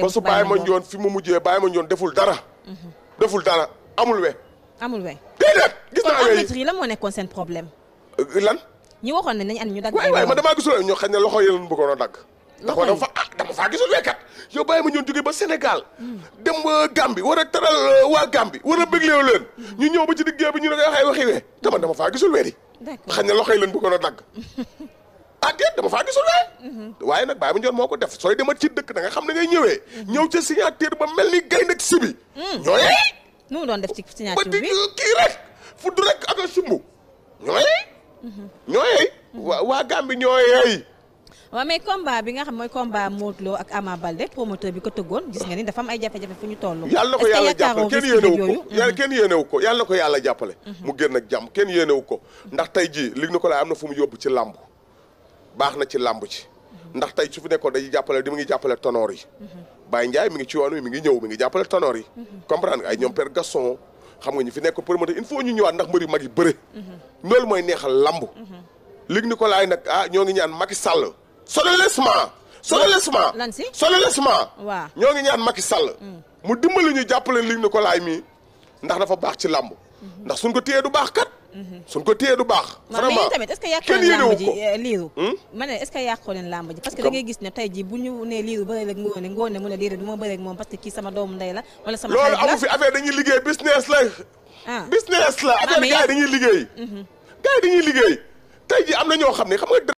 kon su bàyyi ma njoon fi mu mujjee bàyyi ma njoon deful dara. Mhm. deful dara amul we. amul we déedéet gis naa yooyu kon arbitre yi la moo nekkoon seen problème. Euh, lan. ñi waxoon ne nañ an ñu dagg. waay waay man damaa gisul ñoo xañ ne loxo yi lañ bëggoon a dagg. ndax wa dafa ah faa gisul wekkat yow bàyyi ma ñoon jógee ba Sénégal mm. dem Gambie war a taral waa Gambie war a euh, bëgleew leen mm. ñu ñëw ba ci diggee bi ñu ne koy waxee waxi wee dama dama faa gisul wee di xañ ne loxo yi leen bëggoon a dagg ah déet dama faa gisul de. waaye nag Baye Mandione moo ko def sooy demat ci dëkk da nga xam ne ngay ñëwee. ñëw ca signature ba mel ni gaynde ak sibi. ñooyee. Hmm. nu mu doon def ci signature bi ba di kii rek fudd rek ak a sumb ñooyee. ñooyee. waa waa Gambie ñooyee. waaw mais combat bi nga xam mooy combat Modou Lo ak Ama Balde promoteur bi ko tëggoon gis nga ni dafa am ay jafe-jafe fu ñu toll. yàlla na ko yàlla jàppale hmm. kenn yéenewu ko yàlla kenn yéenewu ko yàlla ko yàlla jàppale. Hmm. mu gën ak jàmm kenn yéenewu ko. ndax tey jii li ñu ko laay am na fu mu yóbbu ci làmb baax na ci làmb ci ndax tey su fi nekkoon dañuy jàppale di mu ngi jàppale tonoor yi Baye Ndiaye mi ngi ci yoon wi mi ngi ñëw mi ngi jàppale tonoor yi nga ay ñoom Père Gaston xam nga ñu fi nekk promoteur il foo ñu ñëwaat ndax mbëri mag yi bëre loolu mooy neexal làmb lig ni ko laay nag ah ñoo ngi ñaan Macky Sall solennellement solennellement lan si solennellement waaw ñoo ngi ñaan maki Sall mm. mu dimbali ñu jàppale lig ni ko laay mii ndax dafa baax ci làmb ndax suñ ko téyee du baax kat suñ ko téye du baax. vraiment kenn yéenewu ko eh, liiru hmm? ma làmb ji parce que da gis ne tey ji bu ñu nee liiru bëre rek ngoone ngoone mu ne liiru du ma bëre moom parce que kii sama doomu ndey la. wala sama xarit loolu amu fi affaire dañuy liggéey business la. Ah. business la affaire gars yi liggéey. Mhm. gars yi dañuy liggéey tey ji am na ñoo xam ne xam nga.